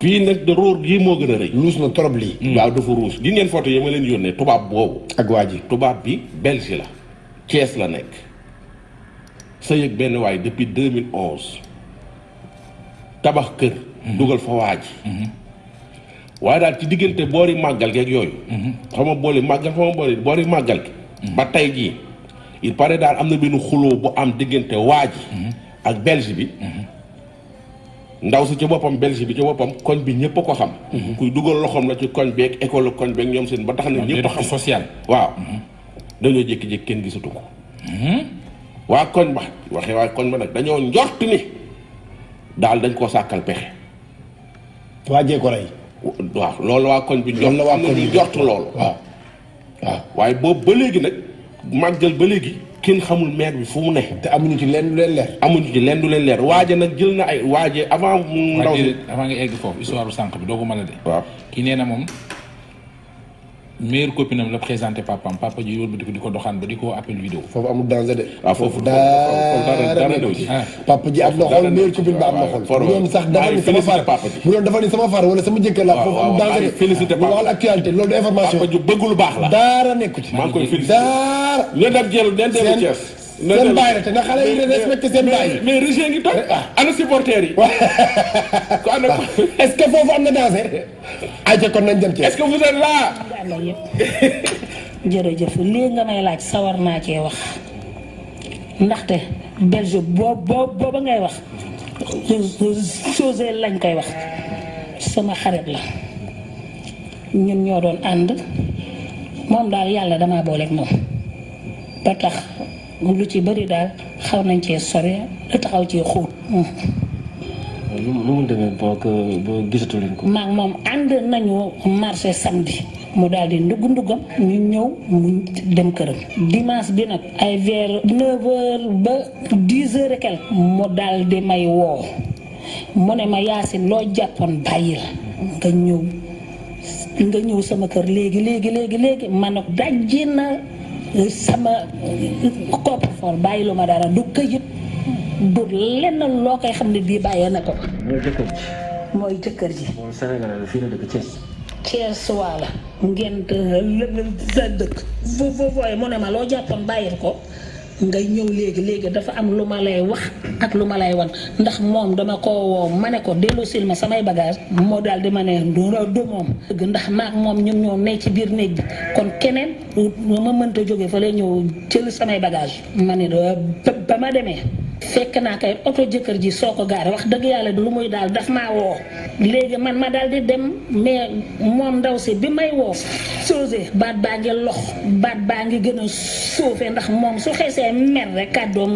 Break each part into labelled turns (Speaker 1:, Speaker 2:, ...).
Speaker 1: fii nag de róor gii moo gën a rëy ruus na trop lii hmm. waaw dafa ruus li ngeen photo yi ma leen yónnee tubaab boobu ak waa ji tubaab bi belge la Thiès la nekk sa yëg benn waay depuis 2011 tabax kër hmm. dugal fa waa hmm. waaye daal ci diggante boori màggal gi ak yooyu xama booli màggal boori màggal gi ba tey gii il paraît daal am na benn xuloo bu am diggante waa ji ak belge bi ndaw si ci boppam belge bi ci boppam koñ bi ñëpp ko xam. Mhm. kuy dugal loxoom la ci koñ beeg école koñ beeg ñoom seen ba tax na ñëpp xam social. waaw mhm. dañoo jékki-jékki kenn gisatu ko. Mhm. waa koñ ba waxee waa koñ ba nag dañoo njort ni daal dañ koo sàkkal pexe. waajee ko rey. waaw loolu waa koñ bi. loolu la waa koñ bi njort loolu. wa waaw waaye boobu ba léegi nag màggal ba léegi. kenn xamul maire bi fu mu ne. te amuñu ci lenn lu leen leer. amuñu ci lenn lu leen leer waaje nag jël na ay waaje avant. mu ndaw avant nga egg foofu histoire bu sànq bi doo ko mën a de. waaw kii nee na moom. meilleure copine am la présenté papam papa ji yóbbu di ko doxaan ba di ko vidéo. foofu amul danger de. waaw ah, foofu daara ah. am na xol meilleure copine ba am na xol. bu ah, doon sax dafa ni sama far bu doon dafa ni sama far wala sama jëkkër la foofu amul danger de. félicité papa waxal baax la. seen baay la na xale yi respecté seen baay. mais rejet ngi toog ah. Ah, ana supporter yi. Ah. est-ce que foofu am na dansé. ayca kon nañ dem ci. est-ce que vous êtes là.
Speaker 2: jërëjëf lii nga may laaj sawar naa cee wax ndaxte belge boobu booba ngay wax chose lañ koy wax sama xarit la ñun ñoo doon ànd moom daal yàlla damaa booleeg moom ba tax. lu ci bari daal xaw nañ cee sore lu taxaw cee xóot. lu ko. maag moom ànd nañu marché samedi. mu daal di ndugg nduggam ñu ñëw mu dem këram dimanche bi nag ay vers neuf heures ba dix heures et mu daal di may woo mu ne ma yaasin loo jàppoon bàyyil nga ñëw nga ñëw sama kër léegi léegi léegi man nag dajji na sama coffre-fort bàyyi lu ma dara du këyit du lenn loo koy xam ne bii bàyyee na ko. mooy jëkkër ji. mooy jëkkër ji. moom Sénégal la fii la dëkk la. ngeen sa dëkk. foofu foofu mu ne ma loo jàppoon bàyyil ko. ngay ñëw léegi léegi dafa am lu ma lay wax ak lu ma lay wan ndax moom dama ko woo ma ne ko dellusil ma samay bagage moo daal di ma ne du du moom ndax maag moom ñun ñoo ne ci biir néeg bi kon keneen ma mënta jóge fa lay ñëw jël samay bagage ma ne ba ma demee fekk naa kay oto jëkkër ji soo ko gaare wax dëgg yàlla du lu muy daal daf maa woo léegi man ma daal di dem mais moom ndaw si bi may woo soose baat baa ngi lox baat baa ngi gën a suufee ndax moom su xesee mer rek kàddoom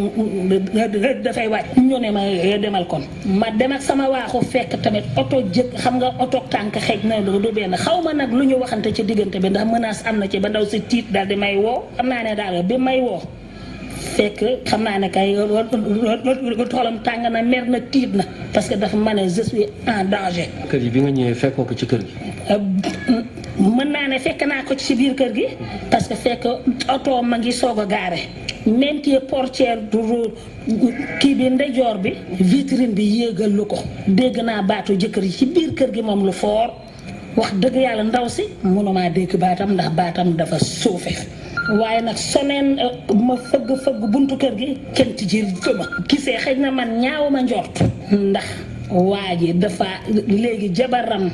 Speaker 2: dafay wàcc ñu ne ma eh, demal kon ma dem ak sama waaxu fekk tamit oto jëkk xam nga oto tànk xeej na lu du benn xaw ma nag lu ñu waxante ci diggante bi ndax menace am na ci ba ndaw si tiit daal di may woo xam naa ne daal bi may woo fekk xam naa ne kay toolam tàng na mer na tiit na parce que dafa ma ne je suis en danger. kër gi bi nga ñëwee fekkoo ko ci kër gi. Euh, mën naa ne fekk naa ko ci biir kër gi parce que fekk oto ma ngi soog a gaare même que portière du kii bi ndejoor bi vitrine bi yéegal lu ko dégg naa baatu jëkkër yi ci biir kër gi moom lu foor wax dëgg yàlla ndaw si mënumaa dégg baatam ndax baatam dafa suufe waaye nag soneen eh, ma fëgg-fëgg buntu kër gi ci ji gëma gisee xëy na man ñaaw ma njort ndax waa ji dafa léegi jabaram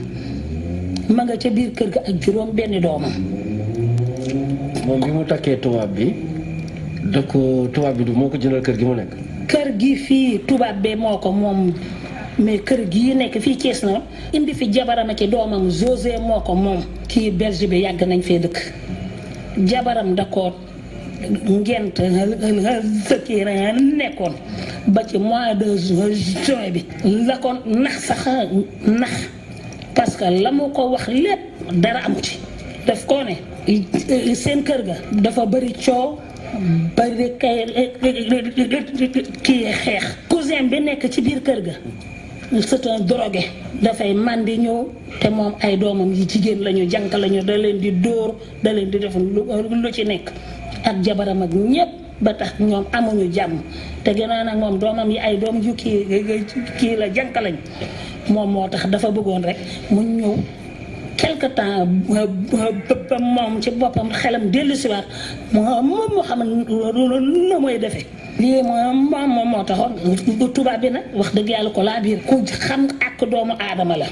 Speaker 2: ma nga ca biir kër ga ak juróom benn doomam
Speaker 1: moom bi mu takkee tubaab bi da ko tubaab bi du moo ko jëndal kër gi mu nekk
Speaker 2: kër gi fii tubaab bee moo ko moom mais kër gii nekk fii Thiès na indi fi jabarama ci doomam José moo ko moom kii berger bi yàgg nañ fee dëkk jabaram da ko ngent nekkoon ba ci mois de juin bi la ko nax sax nax parce la mu ko wax lépp dara amu ci daf koo ne seen kër ga dafa bëri coow bëri kay kii xeex cousin bi nekk ci biir kër ga c'est un drogué dafay màndi ñëw te moom ay doomam yi jigéen lañu jànk lañu da leen di dóor da leen di def lu ci nekk ak jabaram ak ñépp ba tax ñoom amuñu jàmm te gannaaw nag moom doomam yi ay doom yu kii kii la jànk lañ moom moo tax dafa bëggoon rek mu ñëw quelque temps moom ci boppam xelam dellu dellusiwaat moom moo xam ne lu mooy defee lii moom moom moo tax tubaab wax dëgg yàlla ko laa biir ku xam ak doomu aadama la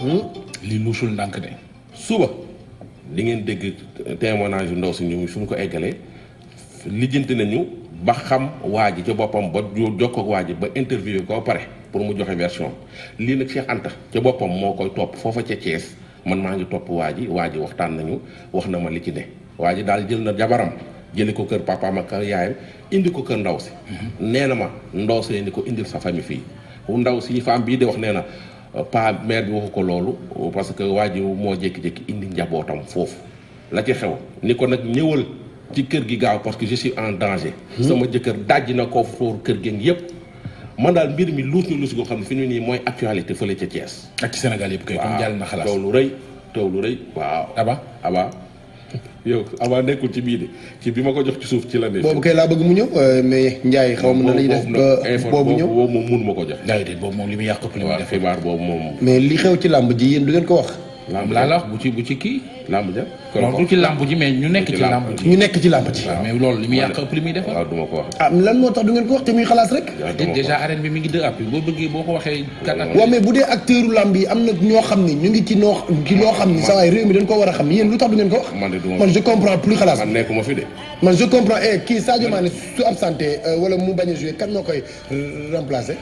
Speaker 1: hmm? li luusul ndànk de suba li ngeen dégg témoignage yu ndaw si ñu suñ ko eggalee lijjanti nañu ba xam waa ji ca boppam ba jokkoog waa ji ba interview koo pare pour mu joxe version lii nag Cheikh Anta ca boppam moo koy topp foofa ca Thiès man maa ngi topp waa ji waa ji waxtaan nañu wax na ma li ci ne waa ji daal jël na jabaram jëli ko kër papaam ak yaayam indi ko kër ndaw si nee na ma ndaw see ni ko indil sa famille fii ndaw si femme bii de wax nee na pa mère bi waxu ko loolu parce que waa ji moo jékki-jékki indi njabootam foofu la ci xew ni ko nag ñëwal ci kër gi gaaw parce que je suis en danger hmm? sama jëkkër dajji na ko foofu kër gi yëpp man daal mbir mi luus na luus goo xam ne fi ñu nii mooy actualité fële ca Thiès. ak ci Sénégal yëpp kay. comme jàll na xalaas waaw taw lu rëy taw lu rëy waaw. Aba Aba. yow avant nekkul ci bii de ci bi ma ko jox ci suuf ci la ne. boobu kay laa bëgg mu ñëw euh, mais Ndiaye xaw ma na lañuy def ba boobu ñëw boobu moom mënu ma ko jox. ndaay boobu moom li mu yàq ëpp li muy def boobu moom. mais li xew ci làmb ji yéen du ngeen ko wax. lamb laa la wax bu ci bu ci kii lamb ja kon du ci lamb ji mais ñu nekk ci lamb ji ñu nekk ci lamb ji mais loolu li muy yàq ëpp li muy defal waaw duma ko wax ah lan moo tax du ngeen ko wax te muy xalaas rek déjà arène bi mi ngi deux appui boo bëggee boo ko waxee quatre appui mais bu dee acteuru lamb yi am na ñoo ñu ngi ci noo ci ah, loo xam sa waay réew mi dañ ko war xam yéen lu du ngeen ko wax man je comprends plus xalaas man nekkuma fi de man je comprends eh kii Sadio Mané su absenté eh, wala mu bañ kan eh, eh. ya. kan? a jouer kan moo koy remplacer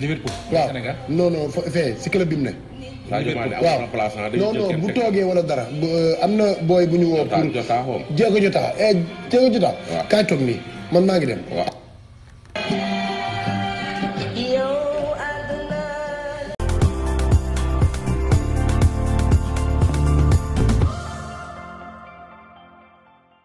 Speaker 1: Liverpool waaw non non fee si club bi
Speaker 2: waaw ah, non non bu toogee
Speaker 1: wala dara euh, am na booy bu ñu woo pour jéego jotaa eh jéego jotaa kaay toog nii man maa ngi dem
Speaker 2: waaw